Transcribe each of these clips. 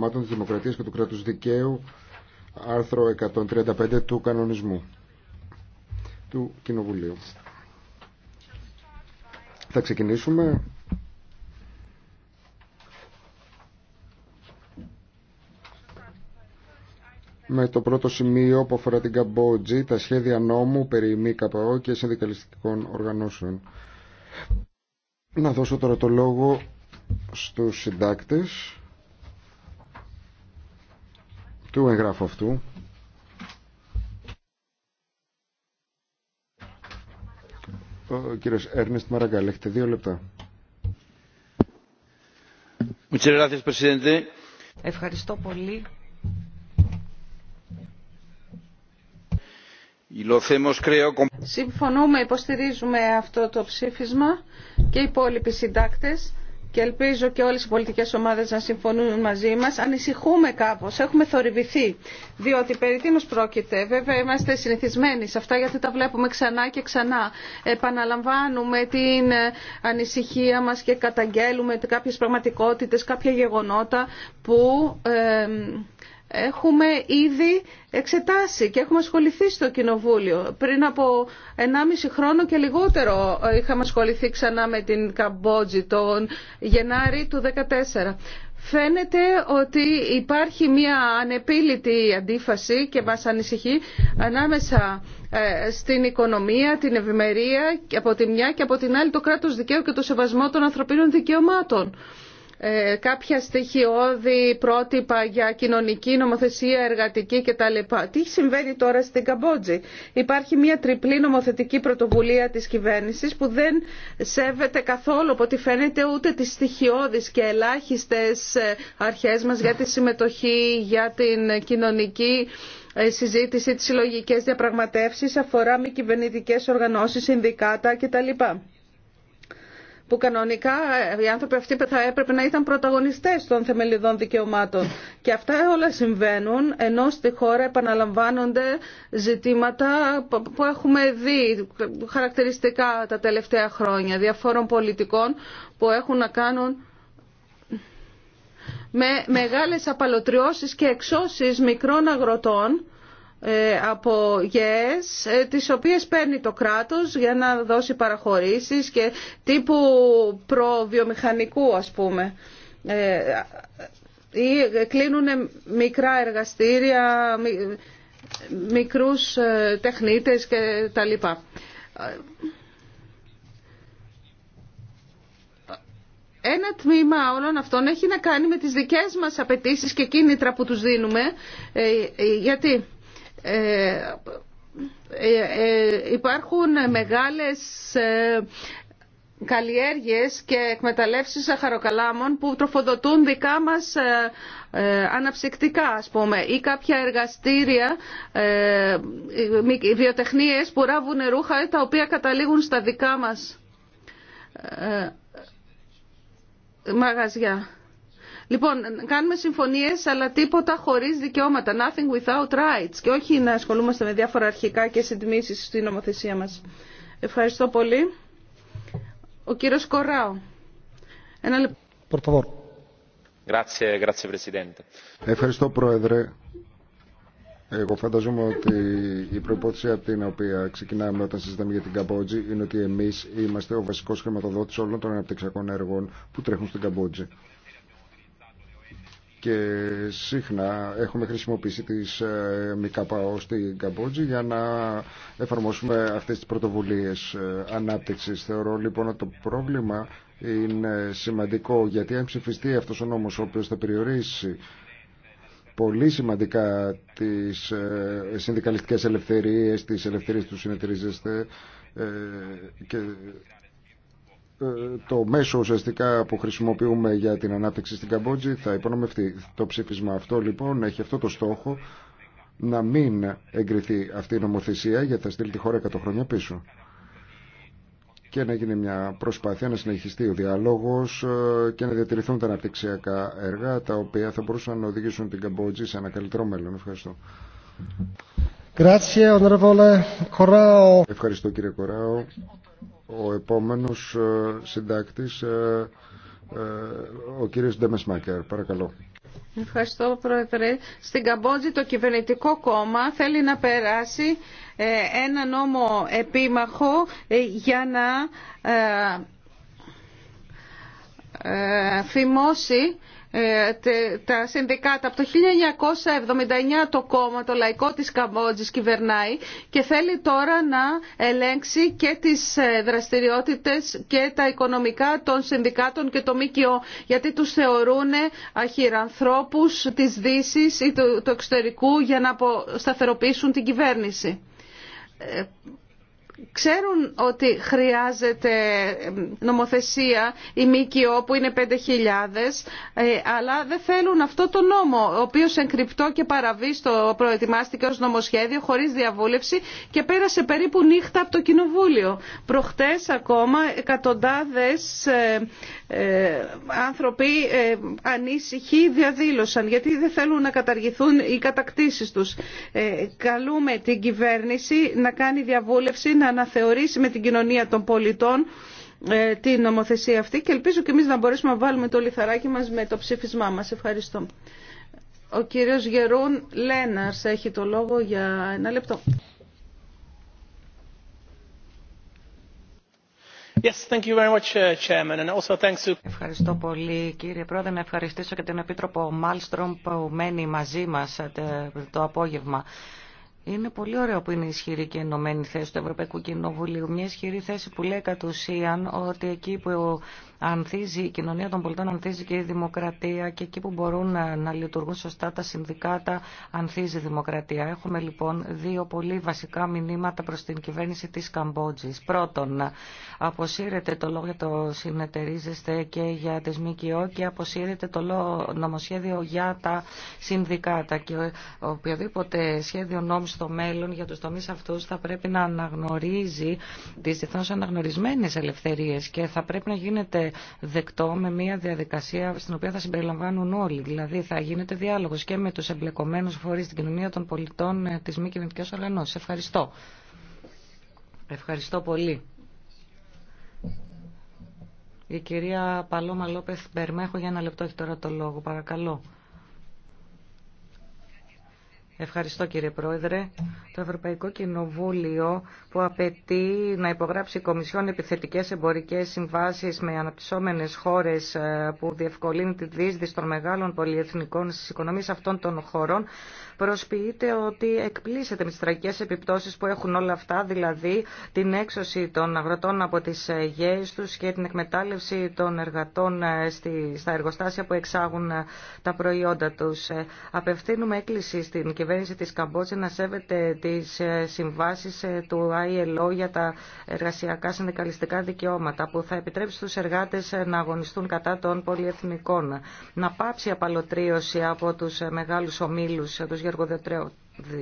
Κομμάτων της Δημοκρατίας και του Κράτους Δικαίου, άρθρο 135 του κανονισμού του Κοινοβουλίου. Θα ξεκινήσουμε. με το πρώτο σημείο που αφορά την Καμπότζη, τα σχέδια νόμου περί ΚΑΠΑΟ και συνδικαλιστικών οργανώσεων. Να δώσω τώρα το λόγο στους συντάκτες του εγγράφου αυτού Ο κύριος Έρνεστ Μαραγκάλ, έχετε δύο λεπτά. Ευχαριστώ πολύ. Συμφωνούμε, υποστηρίζουμε αυτό το ψήφισμα και οι υπόλοιποι συντάκτες και ελπίζω και όλες οι πολιτικές ομάδες να συμφωνούν μαζί μας, ανησυχούμε κάπως, έχουμε θορυβηθεί. Διότι περί τίνος πρόκειται, βέβαια είμαστε συνηθισμένοι σε αυτά γιατί τα βλέπουμε ξανά και ξανά. Επαναλαμβάνουμε την ε, ανησυχία μας και καταγγέλουμε κάποιες πραγματικότητες, κάποια γεγονότα που... Ε, έχουμε ήδη εξετάσει και έχουμε ασχοληθεί στο Κοινοβούλιο. Πριν από 1,5 χρόνο και λιγότερο ε, είχαμε ασχοληθεί ξανά με την Καμπότζη τον Γενάρη του 2014. Φαίνεται ότι υπάρχει μια ανεπίλητη αντίφαση και μας ανησυχεί ανάμεσα ε, στην οικονομία, την ευημερία και από τη μια και από την άλλη το κράτος δικαίου και το σεβασμό των ανθρωπίνων δικαιωμάτων. Ε, κάποια στοιχειώδη πρότυπα για κοινωνική νομοθεσία, εργατική κτλ. Τι συμβαίνει τώρα στην Καμπότζη. Υπάρχει μια τριπλή νομοθετική πρωτοβουλία της κυβέρνησης που δεν σέβεται καθόλου από ό,τι φαίνεται ούτε τις στοιχειώδεις και ελάχιστες ε, αρχές μας για τη συμμετοχή, για την κοινωνική ε, συζήτηση, τις συλλογικέ διαπραγματεύσεις αφορά μη κυβερνητικέ οργανώσεις, συνδικάτα κτλ που κανονικά οι άνθρωποι αυτοί θα έπρεπε να ήταν πρωταγωνιστές των θεμελιδών δικαιωμάτων. Και αυτά όλα συμβαίνουν, ενώ στη χώρα επαναλαμβάνονται ζητήματα που έχουμε δει χαρακτηριστικά τα τελευταία χρόνια, διαφόρων πολιτικών που έχουν να κάνουν με μεγάλες απαλωτριώσεις και εξώσεις μικρών αγροτών ε, από ΓΕΕΣ ε, τις οποίες παίρνει το κράτος για να δώσει παραχωρήσεις και τύπου προβιομηχανικού ας πούμε ε, ή κλείνουν μικρά εργαστήρια, μικρούς τεχνίτες και τα λοιπά. Ένα τμήμα όλων αυτών έχει να κάνει με τις δικές μας απαιτήσεις και κίνητρα που τους δίνουμε. Γιατί ε, ε, ε, υπάρχουν μεγάλες καλλιέργειες και εκμεταλλεύσεις σαχαροκαλάμων που τροφοδοτούν δικά μας αναψυκτικά ας πούμε ή κάποια εργαστήρια βιοτεχνίες που ράβουν ρούχα τα οποία καταλήγουν στα δικά μας μαγαζιά. Λοιπόν, κάνουμε συμφωνίε αλλά τίποτα χωρί δικαιώματα. Nothing without rights. Και όχι να ασχολούμαστε με διάφορα αρχικά και συντμήσει στην νομοθεσία μα. Ευχαριστώ πολύ. Ο κύριος Κοράου. Ένα λεπτό. Grazie, grazie, Presidente. Ευχαριστώ, Πρόεδρε. Εγώ φανταζόμαι ότι η προπόθεση από την οποία ξεκινάμε όταν συζητάμε για την Καμπότζη είναι ότι εμεί είμαστε ο βασικό χρηματοδότη όλων των αναπτυξιακών έργων που τρέχουν στην Καμπότζη και συχνά έχουμε χρησιμοποιήσει τις ε, ΜΚΑΟ στην Καμπότζη για να εφαρμόσουμε αυτές τις πρωτοβουλίες ε, ανάπτυξης. Θεωρώ λοιπόν ότι το πρόβλημα είναι σημαντικό γιατί αν ψηφιστεί αυτός ο νόμος ο οποίος θα περιορίσει πολύ σημαντικά τις ε, συνδικαλιστικές ελευθερίες, τις ελευθερίες του συνεταιρίζεστε και το μέσο ουσιαστικά που χρησιμοποιούμε για την ανάπτυξη στην Καμπότζη θα υπονομευτεί. Το ψήφισμα αυτό λοιπόν έχει αυτό το στόχο να μην εγκριθεί αυτή η νομοθεσία γιατί θα στείλει τη χώρα 100 χρόνια πίσω και να γίνει μια προσπάθεια να συνεχιστεί ο διάλογος ε, και να διατηρηθούν τα αναπτυξιακά έργα τα οποία θα μπορούσαν να οδηγήσουν την Καμπότζη σε ένα καλύτερο μέλλον. Ευχαριστώ. Ευχαριστώ κύριε Κοράο. Ο επόμενος ε, συντάκτης, ε, ε, ο κύριος Ντεμεσμάκερ. Παρακαλώ. Ευχαριστώ Πρόεδρε. Στην Καμπότζη το κυβερνητικό κόμμα θέλει να περάσει ένα νόμο επίμαχο για να φημώσει ε, τα συνδικάτα. Από το 1979 το κόμμα, το λαϊκό της Καμπότζης κυβερνάει και θέλει τώρα να ελέγξει και τις ε, δραστηριότητες και τα οικονομικά των συνδικάτων και το ΜΚΟ γιατί τους θεωρούν αχυρανθρώπους της Δύσης ή του εξωτερικού για να σταθεροποιήσουν την κυβέρνηση ε, ξέρουν ότι χρειάζεται νομοθεσία η ΜΚΟ που είναι 5.000 ε, αλλά δεν θέλουν αυτό το νόμο ο οποίος εγκρυπτό και παραβίστο προετοιμάστηκε ως νομοσχέδιο χωρίς διαβούλευση και πέρασε περίπου νύχτα από το Κοινοβούλιο. Προχτές ακόμα εκατοντάδες ε, ε, άνθρωποι ανήσυχοι διαδήλωσαν γιατί δεν θέλουν να καταργηθούν οι κατακτήσεις τους. Καλούμε την κυβέρνηση να κάνει διαβούλευση, αναθεωρήσει με την κοινωνία των πολιτών ε, την νομοθεσία αυτή και ελπίζω και εμείς να μπορέσουμε να βάλουμε το λιθαράκι μας με το ψήφισμά μας. Ευχαριστώ. Ο κύριος Γερούν Λέναρς έχει το λόγο για ένα λεπτό. Yes, thank you very much, uh, Chairman, and also thanks to... Ευχαριστώ πολύ κύριε Πρόεδρε. Να ευχαριστήσω και τον Επίτροπο Μάλστρομ που μένει μαζί μας ε, το απόγευμα. Είναι πολύ ωραίο που είναι ισχυρή και ενωμένη θέση του Ευρωπαϊκού Κοινοβουλίου. Μια ισχυρή θέση που λέει κατ' ουσίαν ότι εκεί που ανθίζει η κοινωνία των πολιτών, ανθίζει και η δημοκρατία και εκεί που μπορούν να, να λειτουργούν σωστά τα συνδικάτα, ανθίζει η δημοκρατία. Έχουμε λοιπόν δύο πολύ βασικά μηνύματα προ την κυβέρνηση τη Καμπότζη. Πρώτον, αποσύρεται το λόγο για το συνεταιρίζεστε και για τι ΜΚΟ και αποσύρεται το νομοσχέδιο για τα συνδικάτα. Και οποιοδήποτε σχέδιο νόμου στο μέλλον για τους τομείς αυτούς θα πρέπει να αναγνωρίζει τις διεθνώς αναγνωρισμένες ελευθερίες και θα πρέπει να γίνεται δεκτό με μια διαδικασία στην οποία θα συμπεριλαμβάνουν όλοι. Δηλαδή θα γίνεται διάλογος και με τους εμπλεκομένους φορείς στην κοινωνία των πολιτών ε, της μη κυβερνητικής οργανώση. Ευχαριστώ. Ευχαριστώ πολύ. Η κυρία Παλώμα Λόπεθ Μπερμέχο για ένα λεπτό έχει τώρα το λόγο. Παρακαλώ. Ευχαριστώ κύριε Πρόεδρε. Το Ευρωπαϊκό Κοινοβούλιο που απαιτεί να υπογράψει η Κομισιόν επιθετικές εμπορικές συμβάσεις με αναπτυσσόμενες χώρες ε, που διευκολύνει τη δίσδυση των μεγάλων πολυεθνικών στις οικονομίες αυτών των χωρών προσποιείται ότι εκπλήσεται με τις τραγικές επιπτώσεις που έχουν όλα αυτά, δηλαδή την έξωση των αγροτών από τις ε, γέες τους και την εκμετάλλευση των εργατών ε, στα εργοστάσια που εξάγουν τα προϊόντα τους. Απευθύνουμε έκκληση στην κυβέρνηση κυβέρνηση της Καμπότζη να σέβεται τις ε, συμβάσεις ε, του ILO για τα εργασιακά συνδικαλιστικά δικαιώματα που θα επιτρέψει στους εργάτες ε, να αγωνιστούν κατά των πολυεθνικών, να πάψει η απαλωτρίωση από τους μεγάλους ομίλους, τους γεργοδετρέους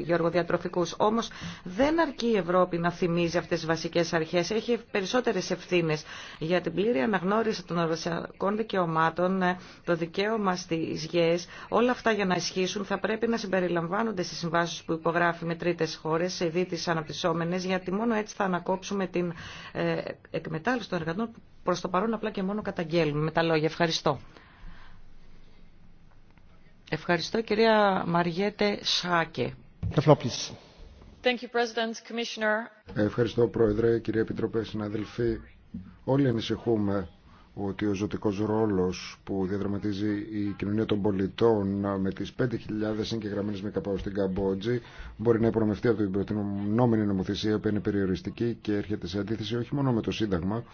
γεωργοδιατροφικούς. Όμως δεν αρκεί η Ευρώπη να θυμίζει αυτές τις βασικές αρχές. Έχει περισσότερες ευθύνε. για την πλήρη αναγνώριση των ρωσιακών δικαιωμάτων, ε, το δικαίωμα στις γης. Όλα αυτά για να ισχύσουν θα πρέπει να συμπεριλαμβάνονται στι συμβάσει που υπογράφει με τρίτες χώρες, σε τι αναπτυσσόμενες, γιατί μόνο έτσι θα ανακόψουμε την ε, εκμετάλλευση των εργατών που προς το παρόν απλά και μόνο καταγγέλνουμε. Με τα λόγια. Ευχαριστώ. Ευχαριστώ κυρία Μαριέτε Σάκε. Ευχαριστώ Πρόεδρε, κύριε Επιτροπέ, συναδελφοί. Όλοι ανησυχούμε ότι ο ζωτικός ρόλος που διαδραματίζει η κοινωνία των πολιτών με τις 5.000 συγκεγραμμένες με καπάω στην Καμπότζη μπορεί να υπονομευτεί από την προτινόμενη νομοθεσία που είναι περιοριστική και έρχεται σε αντίθεση όχι μόνο με το Σύνταγμα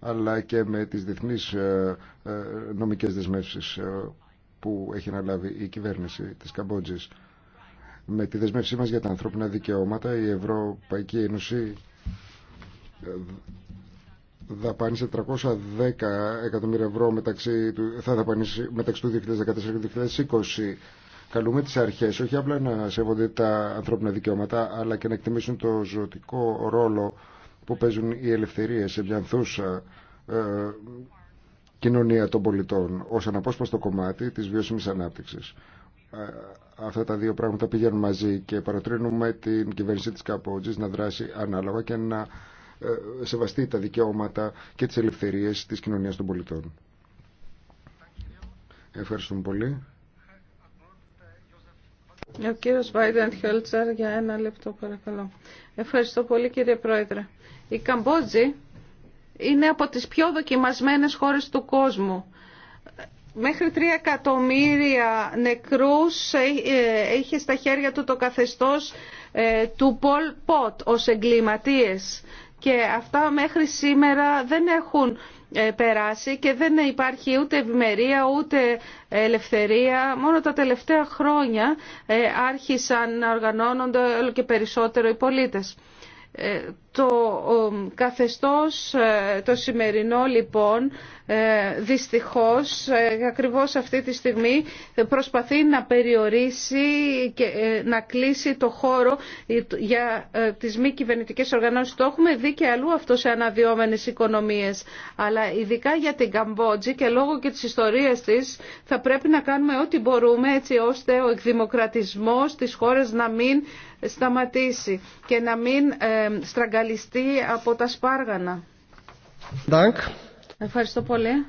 αλλά και με τις διεθνείς ε, ε, νομικές δεσμεύσεις ε, που έχει αναλάβει η κυβέρνηση της Καμπότζης με τη δεσμεύσή μας για τα ανθρώπινα δικαιώματα η Ευρωπαϊκή Ένωση ε, δαπάνησε 310 εκατομμύρια ευρώ μεταξύ του, θα δαπανήσει μεταξύ του 2014 και 2020. Καλούμε τις αρχές όχι απλά να σέβονται τα ανθρώπινα δικαιώματα αλλά και να εκτιμήσουν το ζωτικό ρόλο που παίζουν οι ελευθερίες σε μια ανθούσα ε, κοινωνία των πολιτών ως αναπόσπαστο κομμάτι της βιώσιμης ανάπτυξης. Ε, αυτά τα δύο πράγματα πηγαίνουν μαζί και παροτρύνουμε την κυβέρνηση της Καμπότζης να δράσει ανάλογα και να ε, σεβαστεί τα δικαιώματα και τις ελευθερίες της κοινωνίας των πολιτών. Ευχαριστούμε πολύ. Ο κύριος Βάιντεν Χιόλτσαρ για ένα λεπτό παρακαλώ. Ευχαριστώ πολύ κύριε Πρόεδρε. Η Καμπότζη είναι από τις πιο δοκιμασμένες χώρες του κόσμου Μέχρι 3 εκατομμύρια νεκρούς ε, ε, είχε στα χέρια του το καθεστώς ε, του Πολ Πότ ως εγκληματίες και αυτά μέχρι σήμερα δεν έχουν περάσει και δεν υπάρχει ούτε ευημερία ούτε ελευθερία. Μόνο τα τελευταία χρόνια άρχισαν να οργανώνονται όλο και περισσότερο οι πολίτες. Ε, το καθεστώς ε, το σημερινό λοιπόν ε, δυστυχώς ακριβώς αυτή τη στιγμή προσπαθεί να περιορίσει και να κλείσει το χώρο για τις μη κυβερνητικές οργανώσεις. Το έχουμε δει και αλλού αυτό σε αναδυόμενες οικονομίες. Αλλά ειδικά για την Καμπότζη και λόγω και της ιστορίας της θα πρέπει να κάνουμε ό,τι μπορούμε έτσι ώστε ο εκδημοκρατισμός της χώρας να μην σταματήσει και να μην ε, στραγγαλιστεί από τα σπάργανα. Dank. Ευχαριστώ πολύ.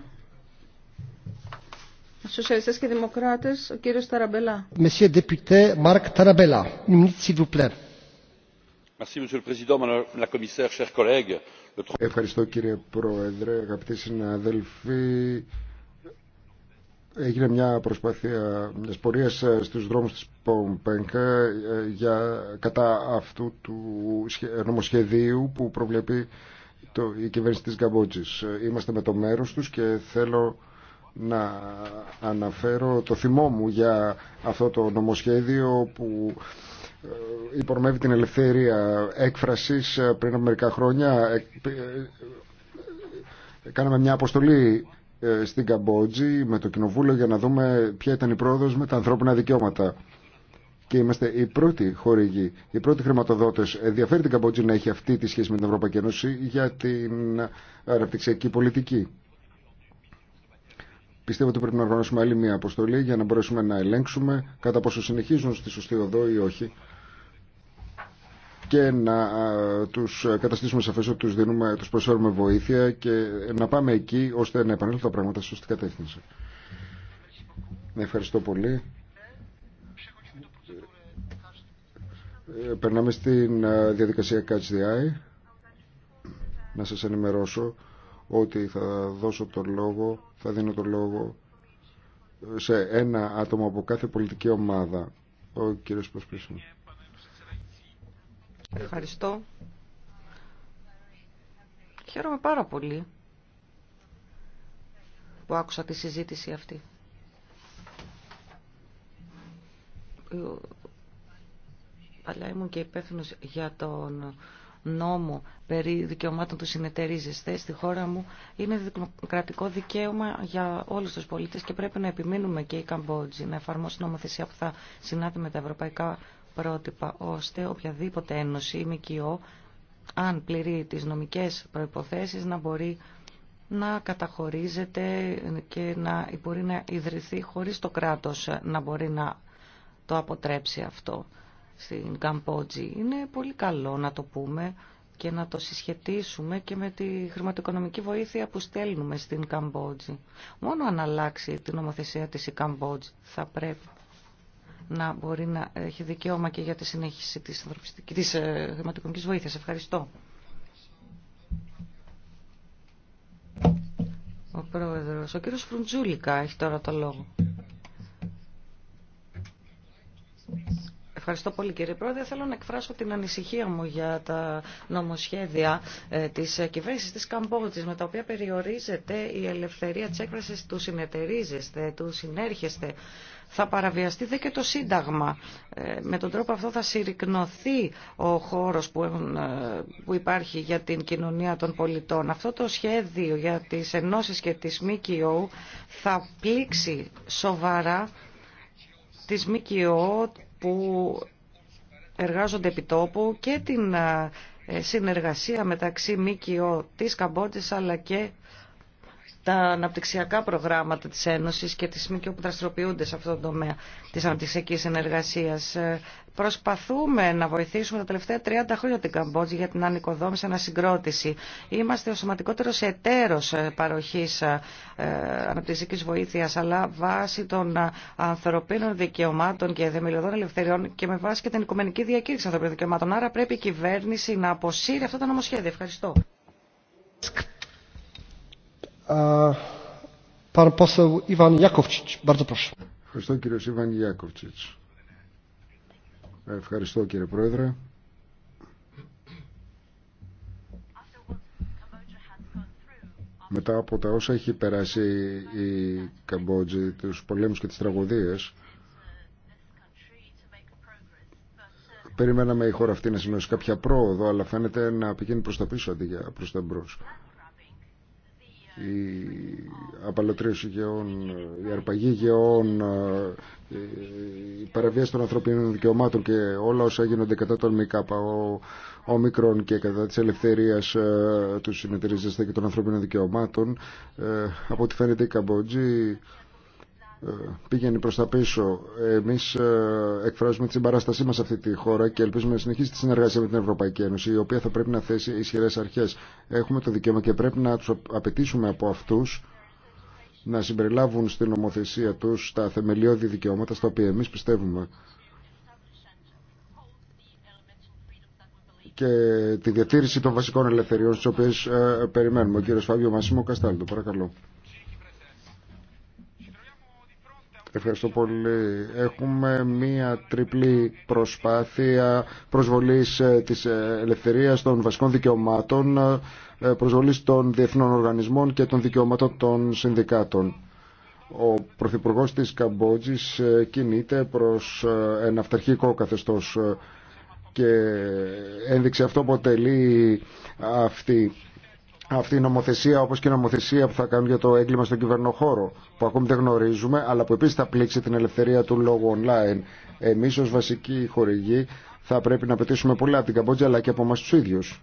Σοσιαλιστές και Δημοκράτες, ο κύριος Ταραμπελά. Monsieur député Marc Tarabella, une minute s'il vous plaît. Merci, Monsieur le Président, Madame la Commissaire, chers collègues. Ευχαριστώ κύριε Πρόεδρε, αγαπητοί συναδέλφοι έγινε μια προσπάθεια μιας πορείας ε, στους δρόμους της Πομπέγκα ε, για, κατά αυτού του νομοσχεδίου που προβλέπει το, η κυβέρνηση της Γκαμπότζης. Είμαστε με το μέρος τους και θέλω να αναφέρω το θυμό μου για αυτό το νομοσχέδιο που ε, υπορμεύει την ελευθερία έκφρασης πριν από μερικά χρόνια. Κάναμε μια αποστολή ε, στην Καμπότζη με το Κοινοβούλιο για να δούμε ποια ήταν η πρόοδο με τα ανθρώπινα δικαιώματα. Και είμαστε οι πρώτοι χορηγοί, οι πρώτοι χρηματοδότε. Ενδιαφέρει την Καμπότζη να έχει αυτή τη σχέση με την Ευρωπαϊκή Ένωση για την αναπτυξιακή πολιτική. Πιστεύω ότι πρέπει να οργανώσουμε άλλη μια αποστολή για να μπορέσουμε να ελέγξουμε κατά πόσο συνεχίζουν στη σωστή οδό ή όχι και να τους καταστήσουμε σαφές ότι τους, δίνουμε, τους προσφέρουμε βοήθεια και να πάμε εκεί ώστε να επανέλθουν τα πράγματα στη σωστή κατεύθυνση. Ευχαριστώ πολύ. Ε, περνάμε στην διαδικασία Catch Να σας ενημερώσω ότι θα δώσω το λόγο, θα δίνω το λόγο ε, σε ένα άτομο από κάθε πολιτική ομάδα. Ο κύριος Προσπίσμος. Ευχαριστώ. Χαίρομαι πάρα πολύ που άκουσα τη συζήτηση αυτή. Παλιά ήμουν και υπεύθυνο για τον νόμο περί δικαιωμάτων του συνεταιρίζεσθε στη χώρα μου είναι δημοκρατικό δικαίωμα για όλους τους πολίτες και πρέπει να επιμείνουμε και η Καμπότζη να εφαρμόσει νομοθεσία που θα συνάδει με τα ευρωπαϊκά πρότυπα ώστε οποιαδήποτε ένωση ή ΜΚΟ, αν πληρεί τις νομικές προϋποθέσεις, να μπορεί να καταχωρίζεται και να μπορεί να ιδρυθεί χωρίς το κράτος να μπορεί να το αποτρέψει αυτό στην Καμπότζη. Είναι πολύ καλό να το πούμε και να το συσχετίσουμε και με τη χρηματοοικονομική βοήθεια που στέλνουμε στην Καμπότζη. Μόνο αν αλλάξει την νομοθεσία της η Καμπότζη θα πρέπει να μπορεί να έχει δικαίωμα και για τη συνέχιση της, της ε, χρηματοοικονομικής βοήθειας. Ευχαριστώ. Ο πρόεδρος, ο κύριος Φρουντζούλικα έχει τώρα το λόγο. Ευχαριστώ πολύ κύριε Πρόεδρε. Θέλω να εκφράσω την ανησυχία μου για τα νομοσχέδια ε, της κυβέρνησης της Καμπότζης με τα οποία περιορίζεται η ελευθερία της έκφρασης του συνεταιρίζεστε, του συνέρχεστε θα παραβιαστεί δε και το Σύνταγμα. Ε, με τον τρόπο αυτό θα συρρυκνωθεί ο χώρος που, ε, που υπάρχει για την κοινωνία των πολιτών. Αυτό το σχέδιο για τις ενώσεις και τις ΜΚΟ θα πλήξει σοβαρά τις ΜΚΟ που εργάζονται επί τόπου και την ε, συνεργασία μεταξύ ΜΚΟ της Καμπότης αλλά και τα αναπτυξιακά προγράμματα της Ένωσης και τις ΜΚΟ που δραστηριοποιούνται σε αυτόν τον τομέα της αναπτυξιακής συνεργασίας. Ε, προσπαθούμε να βοηθήσουμε τα τελευταία 30 χρόνια την Καμπότζη για την ανοικοδόμηση ανασυγκρότηση. Είμαστε ο σημαντικότερο εταίρος ε, παροχής ε, αναπτυξιακής βοήθειας, αλλά βάσει των ανθρωπίνων δικαιωμάτων και δεμελιωδών ελευθεριών και με βάση και την Οικουμενική Διακήρυξη Ανθρωπίνων Δικαιωμάτων. Άρα πρέπει η κυβέρνηση να αποσύρει αυτό το νομοσχέδιο. Ευχαριστώ. Ε, Ευχαριστώ Ιβάν Ευχαριστώ κύριε Πρόεδρε. Μετά από τα όσα έχει περάσει η Καμπότζη, τους πολέμους και τις τραγωδίες, περιμέναμε η χώρα αυτή να σημειώσει κάποια πρόοδο, αλλά φαίνεται να πηγαίνει προς τα πίσω αντί για προς τα μπρος η απαλωτρίωση γεών, η αρπαγή γεών, ε, η παραβίαση των ανθρωπίνων δικαιωμάτων και όλα όσα γίνονται κατά τον ΜΚΑΠΑ, ο, ο και κατά της ελευθερίας ε, του συνεταιρίζεσθε και των ανθρωπίνων δικαιωμάτων. Ε, από ό,τι φαίνεται η Καμπότζη πήγαινε προς τα πίσω. Εμείς ε, εκφράζουμε την συμπαράστασή μας σε αυτή τη χώρα και ελπίζουμε να συνεχίσει τη συνεργασία με την Ευρωπαϊκή Ένωση, η οποία θα πρέπει να θέσει ισχυρές αρχές. Έχουμε το δικαίωμα και πρέπει να τους απαιτήσουμε από αυτούς να συμπεριλάβουν στην νομοθεσία τους τα θεμελιώδη δικαιώματα στα οποία εμείς πιστεύουμε. και τη διατήρηση των βασικών ελευθεριών στις οποίες ε, περιμένουμε. Ο κύριος Φάβιο Μασίμο Καστάλτο, παρακαλώ. Ευχαριστώ πολύ. Έχουμε μία τριπλή προσπάθεια προσβολής ε, της ε, ελευθερίας των βασικών δικαιωμάτων, ε, προσβολής των διεθνών οργανισμών και των δικαιωμάτων των συνδικάτων. Ο Πρωθυπουργός της Καμπότζης κινείται προς ένα αυταρχικό καθεστώς και ένδειξε αυτό αποτελεί αυτή αυτή η νομοθεσία όπως και η νομοθεσία που θα κάνουν για το έγκλημα στον κυβερνοχώρο που ακόμη δεν γνωρίζουμε αλλά που επίσης θα πλήξει την ελευθερία του λόγου online. Εμείς ως βασική χορηγοί θα πρέπει να πετύσουμε πολλά από την Καμπότζα αλλά και από εμάς τους ίδιους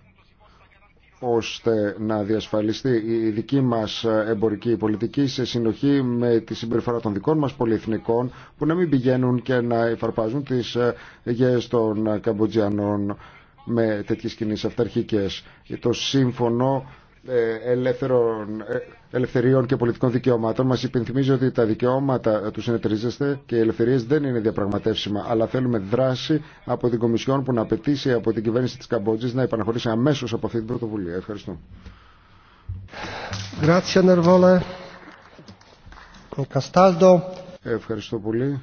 ώστε να διασφαλιστεί η δική μας εμπορική πολιτική σε συνοχή με τη συμπεριφορά των δικών μας πολυεθνικών που να μην πηγαίνουν και να εφαρπάζουν τις γέες των Καμποτζιανών με τέτοιες κινήσεις αυταρχικές. Το σύμφωνο ε, ελεύθερων, ε, ελευθεριών και πολιτικών δικαιωμάτων μας υπενθυμίζει ότι τα δικαιώματα του συνεταιρίζεστε και οι ελευθερίες δεν είναι διαπραγματεύσιμα αλλά θέλουμε δράση από την Κομισιόν που να απαιτήσει από την κυβέρνηση της Καμπότζη να επαναχωρήσει αμέσω από αυτή την πρωτοβουλία. Ευχαριστώ. Ευχαριστώ πολύ.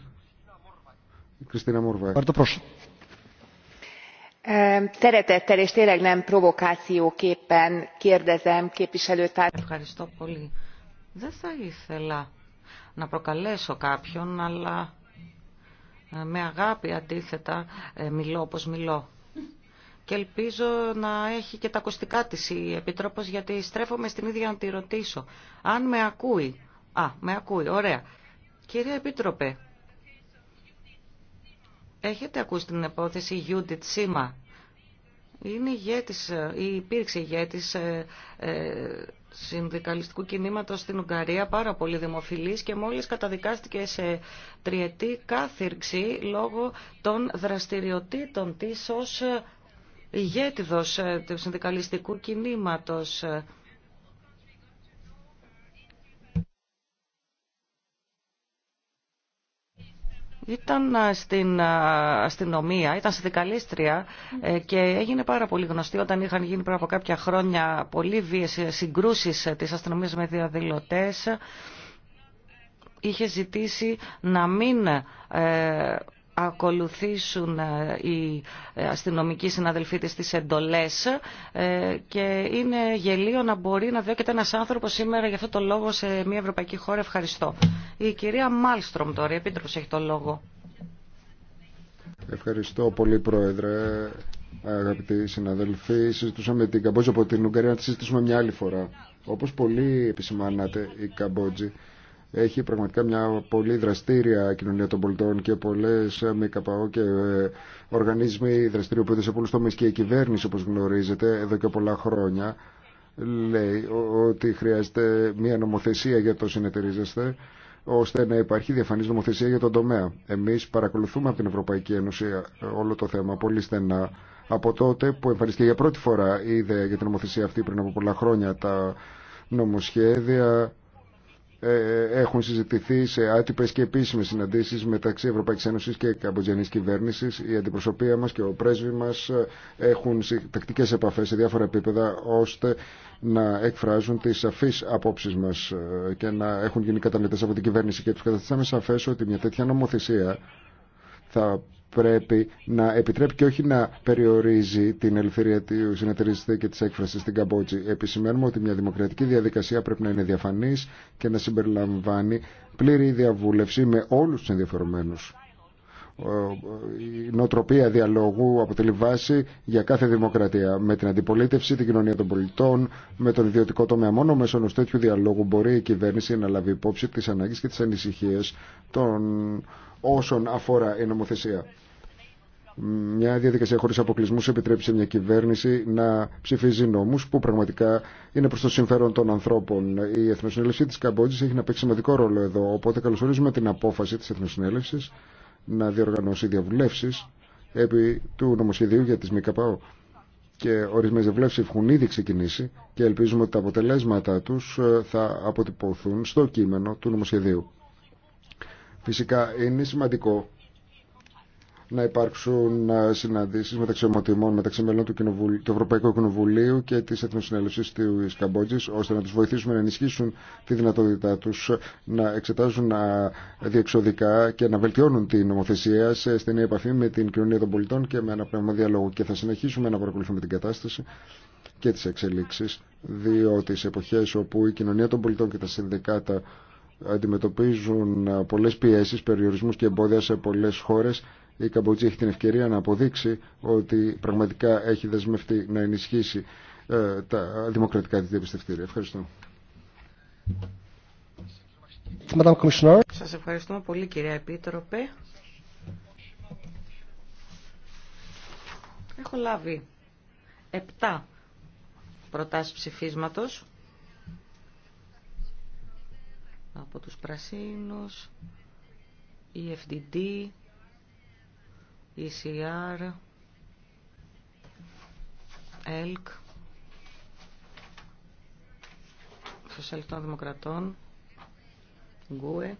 Κριστίνα Μόρβα. Ευχαριστώ πολύ. Δεν θα ήθελα να προκαλέσω κάποιον, αλλά ε, με αγάπη αντίθετα ε, μιλώ όπως μιλώ. Και ελπίζω να έχει και τα ακουστικά της η Επιτρόπος, γιατί στρέφομαι στην ίδια να τη ρωτήσω. Αν με ακούει. Α, με ακούει, ωραία. Κυρία Επίτροπε, έχετε ακούσει την επόθεση «Γιούντιτ Σίμα είναι ηγέτης, ε, ή υπήρξε ηγέτης ε, ε, συνδικαλιστικού κινήματος στην Ουγγαρία, πάρα πολύ δημοφιλής και μόλις καταδικάστηκε σε τριετή κάθυρξη λόγω των δραστηριοτήτων της ως ε, του συνδικαλιστικού κινήματος. Ήταν στην αστυνομία, ήταν δικαλίστρια ε, και έγινε πάρα πολύ γνωστή όταν είχαν γίνει πριν από κάποια χρόνια πολύ βίες συγκρούσεις ε, της αστυνομίας με διαδηλωτές. Είχε ζητήσει να μην ε, ακολουθήσουν ε, οι αστυνομικοί συναδελφοί της τις εντολές ε, και είναι γελίο να μπορεί να διώκεται ένας άνθρωπος σήμερα για αυτό το λόγο σε μια ευρωπαϊκή χώρα. Ευχαριστώ. Η κυρία Μάλστρομ τώρα, η Επίτροπος έχει το λόγο. Ευχαριστώ πολύ Πρόεδρε. Αγαπητοί συναδελφοί, συζητούσαμε την Καμπότζη από την Ουγγαρία να τη συζητήσουμε μια άλλη φορά. Όπως πολύ επισημάνατε, η Καμπότζη έχει πραγματικά μια πολύ δραστήρια κοινωνία των πολιτών και πολλέ ε, ΜΚΟ και ε, οργανισμοί δραστηριοποιούνται σε πολλού τομεί και η κυβέρνηση, όπω γνωρίζετε, εδώ και πολλά χρόνια λέει ότι χρειάζεται μια νομοθεσία για το συνεταιρίζεστε ώστε να υπάρχει διαφανή νομοθεσία για τον τομέα. Εμεί παρακολουθούμε από την Ευρωπαϊκή Ένωση ε, όλο το θέμα πολύ στενά. Από τότε που εμφανίστηκε για πρώτη φορά η ιδέα για την νομοθεσία αυτή πριν από πολλά χρόνια, τα νομοσχέδια ε, ε, έχουν συζητηθεί σε άτυπε και επίσημε συναντήσει μεταξύ Ευρωπαϊκή Ένωση και Καμποτζιανή κυβέρνηση. Η αντιπροσωπεία μα και ο πρέσβη μα ε, έχουν τακτικέ επαφέ σε διάφορα επίπεδα ώστε να εκφράζουν τι σαφεί απόψει μα και να έχουν γίνει κατανοητέ από την κυβέρνηση. Και του καταστήσαμε σαφέ ότι μια τέτοια νομοθεσία θα πρέπει να επιτρέπει και όχι να περιορίζει την ελευθερία του συνεταιριστή και τη έκφραση στην Καμπότζη. Επισημαίνουμε ότι μια δημοκρατική διαδικασία πρέπει να είναι διαφανή και να συμπεριλαμβάνει πλήρη διαβούλευση με όλου του ενδιαφερομένου. Η νοοτροπία διαλόγου αποτελεί βάση για κάθε δημοκρατία. Με την αντιπολίτευση, την κοινωνία των πολιτών, με τον ιδιωτικό τομέα. Μόνο μέσω ενό τέτοιου διαλόγου μπορεί η κυβέρνηση να λάβει υπόψη τι ανάγκε και τι ανησυχίε των όσον αφορά η νομοθεσία. Μια διαδικασία χωρί αποκλεισμού επιτρέπει σε μια κυβέρνηση να ψηφίζει νόμους που πραγματικά είναι προς το συμφέρον των ανθρώπων. Η Εθνοσυνέλευση τη Καμπότζη έχει να παίξει σημαντικό ρόλο εδώ. Οπότε καλωσορίζουμε την απόφαση τη Εθνοσυνέλευσης να διοργανώσει διαβουλεύσεις επί του νομοσχεδίου για τις ΜΚΠΑΟ. Και ορισμένε διαβουλεύσει έχουν ήδη ξεκινήσει και ελπίζουμε ότι τα αποτελέσματά του ε, θα αποτυπωθούν στο κείμενο του νομοσχεδίου. Φυσικά είναι σημαντικό να υπάρξουν ε, συναντήσει μεταξύ ομοτιμών, μεταξύ μελών του, του Ευρωπαϊκού Κοινοβουλίου και τη Εθνοσυνέλευση τη Καμπότζη, ώστε να του βοηθήσουμε να ενισχύσουν τη δυνατότητά του, να εξετάζουν ε, διεξοδικά και να βελτιώνουν την νομοθεσία σε στενή επαφή με την κοινωνία των πολιτών και με ένα πνεύμα διαλόγου. Και θα συνεχίσουμε να παρακολουθούμε την κατάσταση και τι εξελίξει, διότι σε εποχέ όπου η κοινωνία των πολιτών και τα συνδικάτα αντιμετωπίζουν ε, πολλές πιέσεις, περιορισμούς και εμπόδια σε πολλές χώρες. Η Καμποτζή έχει την ευκαιρία να αποδείξει ότι πραγματικά έχει δεσμευτεί να ενισχύσει ε, τα δημοκρατικά διαπιστευτήρια. Ευχαριστώ. Σας ευχαριστούμε πολύ κυρία Επίτροπε. Έχω λάβει 7 προτάσεις ψηφίσματος από τους πρασίνους, η FDD, η ECR, ΕΛΚ, Σοσιαλιστών Δημοκρατών, ΓΟΕ.